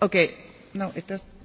okay no it does